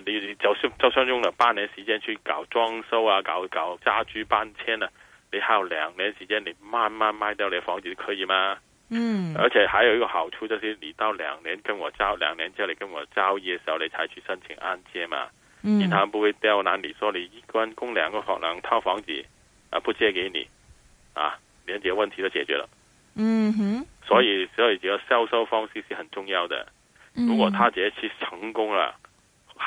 誒，你就算就算用了半年時間去搞裝修啊，搞搞家居搬遷啊，你還有兩年時間，你慢慢賣掉你的房子可以嗎？嗯，而且還有一個好處就是，你到兩年跟我交兩年之後你跟我交易嘅時候，你才去申請按揭嘛，銀行、嗯、不會刁難你，說你一關供兩個房兩套房子，啊，不借給你，啊，連這個問題都解決了。嗯哼，所以所以這個銷售方式是很重要嘅，如果他這一次成功了。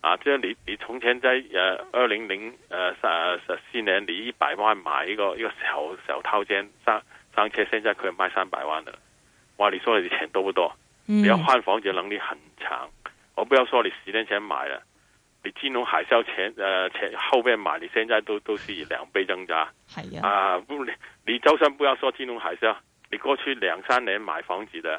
啊！即、就、係、是、你你從前在誒、啊、二零零誒誒、啊、十四年，你一百萬買一個一個小小套間，三三車，現在佢賣三百萬的哇！你說你啲錢多不多？嗯。你換房嘅能力很強，我不要說你十年前買了，你金融海嘯前呃前後邊買，你現在都都是以兩倍增加。啊，啊。不你你就算不要說金融海嘯，你過去兩三年買房子的。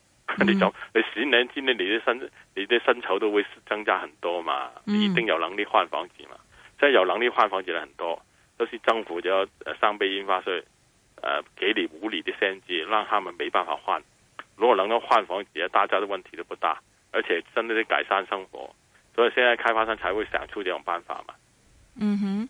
你，你十年之內你啲薪，你薪酬都會增加很多嘛。你一定有能力換房子嘛，即係有能力換房子，咧，很多，即、就、使、是、政府咗誒三倍印花稅，誒、呃、年五年啲限制，讓他們沒辦法換。如果能夠換房子，大家的問題都不大，而且真係啲改善生活，所以現在開發商才會想出呢種辦法嘛。嗯哼。